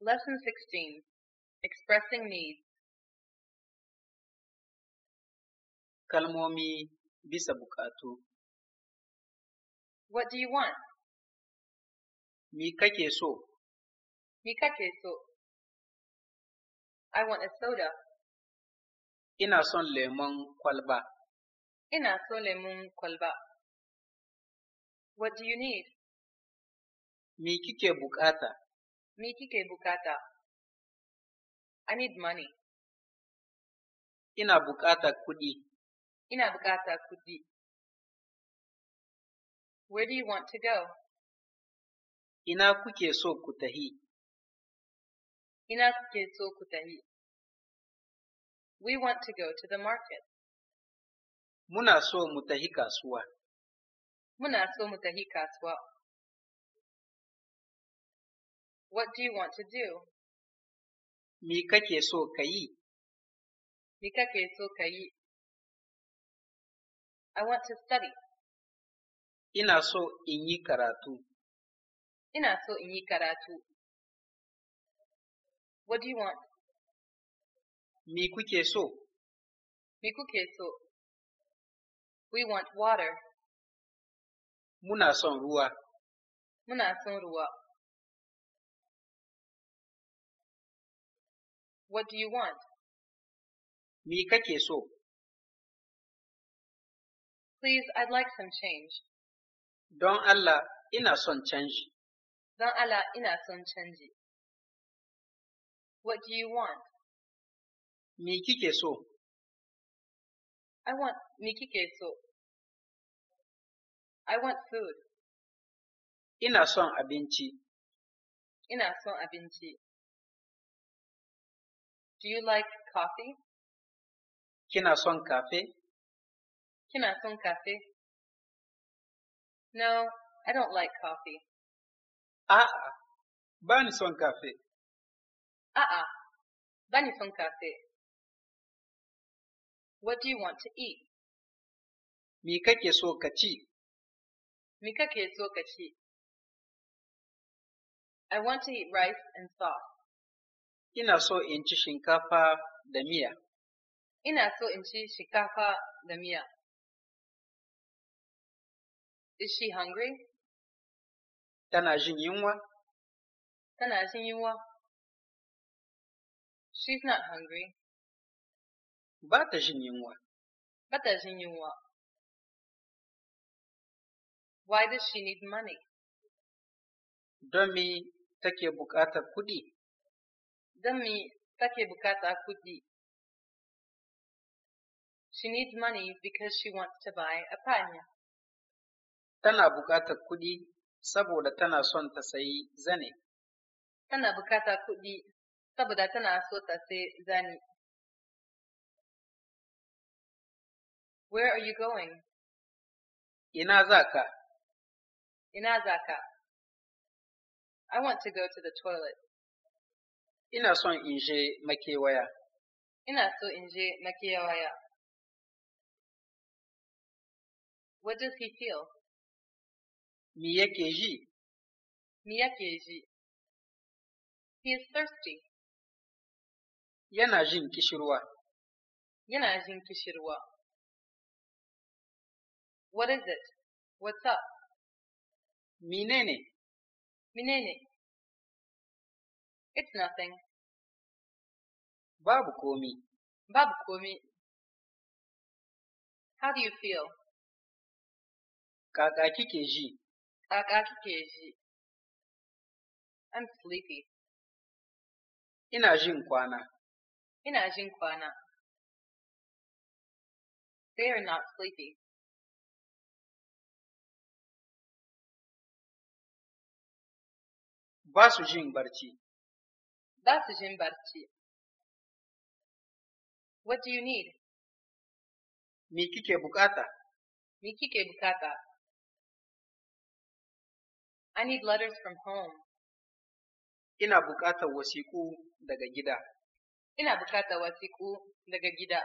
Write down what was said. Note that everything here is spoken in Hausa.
Lesson 16 Expressing Needs Kalmomi bisa bukatu What do you want? Mi kake so? Mi kake so? I want a soda. Ina son lemon kwalba. Ina son lemon kwalba. What do you need? Mi kike bukata? Miki ke bukata. I need money. Ina bukata kudi. Ina bukata kudi. Where do you want to go? Ina kuke so kutahi. Ina kuke so We want to go to the market. Muna so mu tahi Muna so what do you want to do? Me kake so ka Me kake so I want to study. Ina so in yi karatu. Ina so in yi karatu. What do you want? Me kuke so? Me kuke so? We want water. Muna son ruwa. Muna son ruwa. What do you want? Me kake Please, I'd like some change. Don Allah, ina son change. Don Allah, ina son change. What do you want? Me kike I want me kike I want food. Ina son abinci. Ina son abinci. Do you like coffee? cafe? cafe? No, I don't like coffee. Ah, bani son cafe. Ah, bani son cafe. What do you want to eat? kake so kake so I want to eat rice and sauce ina so in ci shinkafa da miya. Ina so in ci shinkafa da miya. Is she hungry? Tana jin yunwa? Tana jin yunwa. She's not hungry. Ba ta jin yunwa. Ba ta jin yunwa. Why does she need money? Don me take buƙatar kuɗi? Dummy, takie bukata kudi. She needs money because she wants to buy a panya. Tana bukata kudi saboda tana son ta sayi zane. Tana bukata kudi saboda tana so ta sayi zane. Where are you going? Ina zaka. Ina zaka. I want to go to the toilet. Ina son in je makewaya. Ina so in je makewaya. What does he feel? Me yake ji? Me yake ji? He is thirsty. Yana jin kishirwa. Yana jin kishirwa. What is it? What's up? Menene? Menene? It's nothing. Babu komi. Babu komi. How do you feel? Kaka kike ji. Kaka kike ji. I'm sleepy. Ina jin kwana. Ina jin kwana. They are not sleepy. Basu su jin barci. That's jimbarci. What do you need? Miki kike bukata? Me bukata? I need letters from home. Ina bukata wasiku daga gida. Ina bukata wasiku daga gida.